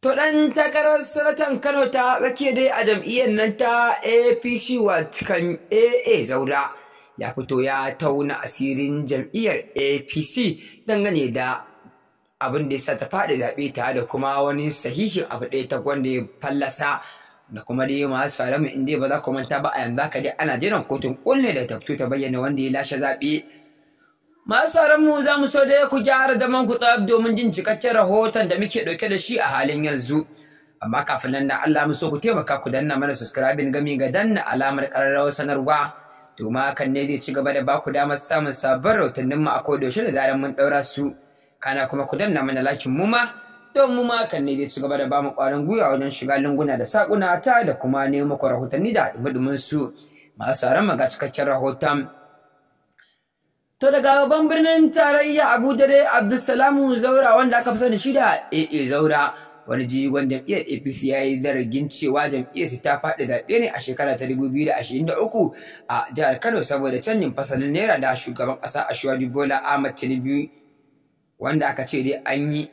To ɗan takarar sanatan Kano ta tsakiya dai a jam'iyyar nan ta APC watakan AA Zauda ya fito ya tauna asirin jam'iyyar APC dangane da abin da ya ta faɗi zaɓe ta da kuma wani sahihin abu ɗaya ta wanda ya fallasa da kuma dai masu sauran in ba za ku manta ba a yanzu haka dai ana jiran kotun ƙulle da ta ta bayyana wanda ya lashe zaɓe masu mu za mu so da ku gyara zaman ku tsab domin jin cikakken rahoton da muke ɗauke da shi a halin yanzu amma kafin nan da Allah mu so ku taimaka ku danna mana subscribing gami ga danna alamar ƙararrawar sanarwa To ma hakan ne zai ci gaba da baku damar samun sabbin rahotannin mu a kodayaushe da zaran mun ɗaura su kana kuma ku danna mana lakin mu ma don mu ma hakan ne zai ci gaba da bamu ƙwarin gwiwa wajen shiga lunguna da saƙuna ta da kuma nemo ku rahotanni da dumin su masu ga cikakken rahoton To daga babban birnin tarayya Abuja dai Abdulsalamu Zaura wanda aka fi sani shi da AA Zaura wani jigon jam'iyyar APC ya yi zargin cewa Jam'iyyar su ta faɗi zaɓe ne a shekara ta 2023 a jihar Kano saboda canjin fasalin naira da shugaban ƙasa Ashwadu Bola Ahmed Tinubu wanda aka ce dai an yi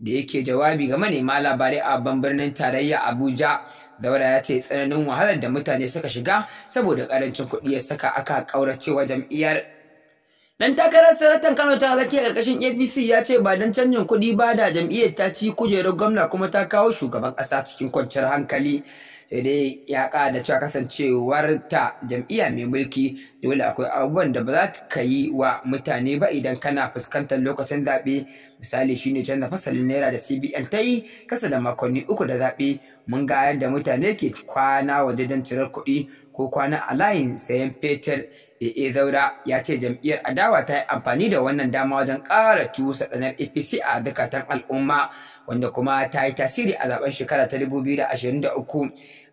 da yake jawabi ga manema labarai a babban birnin tarayya Abuja Zaura ya ce tsananin wahalar da mutane suka shiga saboda ƙarancin kuɗi ya saka aka ƙauracewa jam'iyyar Dan takarar sanatan Kano ta tsakiya karkashin APC ya ce ba dan canjin kuɗi ba da jam'iyyar ta ci kujerar gwamna kuma ta kawo shugaban ƙasa cikin kwanciyar hankali. Sai dai ya ƙara da cewa kasancewar ta jam'iyya mai mulki dole akwai abubuwan da ba za ka yi wa mutane ba idan kana fuskantar lokacin zaɓe misali shine canza fasalin naira da CBN ta yi kasa da makonni uku da zaɓe mun ga yadda mutane ke kwana waje don cirar kuɗi ko kwana a layin sayan fetur AA Zaura ya ce jam'iyyar adawa ta yi amfani da wannan dama wajen ƙara tusa tsanar APC a zukatan al'umma wanda kuma ta yi tasiri a zaben shekara ta uku.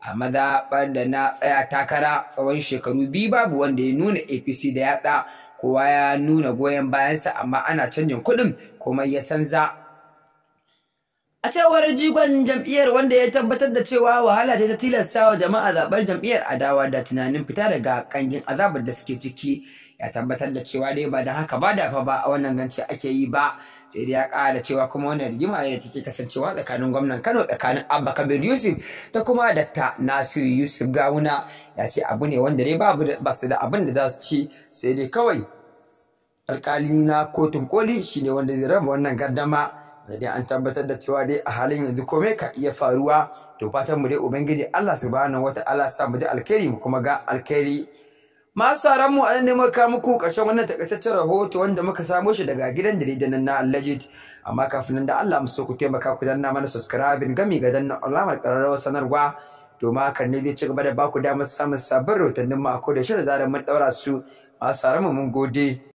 a mazaɓar da na tsaya takara tsawon shekaru biyu babu wanda ya nuna APC da yatsa kowa ya nuna goyon bayansa amma ana canjin kuɗin komai ya canza a cewar jigon jam'iyyar wanda ya tabbatar da cewa wahala ce ta tilasta wa jama'a zaɓar jam'iyyar adawa da tunanin fita daga kangin azabar da suke ciki ya tabbatar da cewa dai ba da haka ba da fa ba a wannan zance ake yi ba sai dai ya ƙara cewa kuma wannan rigima ne da take kasancewa tsakanin gwamnan Kano tsakanin Abba Kabir Yusuf da kuma Dakta Nasiru Yusuf Gawuna ya ce abu ne wanda dai ba su da abin da za su ci sai dai kawai alkali na kotun koli shine wanda zai raba wannan gardama da dai an tabbatar da cewa dai a halin yanzu komai ka iya faruwa to fatan mu dai ubangiji Allah subhanahu wataala sa mu ji alkhairi mu kuma ga alkhairi ma ran mu an nemo ka muku ƙarshen wannan takaitaccen rahoto wanda muka samo shi daga gidan jaridan nan na Allegit amma kafin nan da Allah mu so ku taimaka ku danna mana subscribe gami ga danna alamar ƙararrawar sanarwa domin kan ne zai ci gaba da baku damar samun sabbin rahotannin mu a koda shi da zarar mun daura su ma ran mu mun gode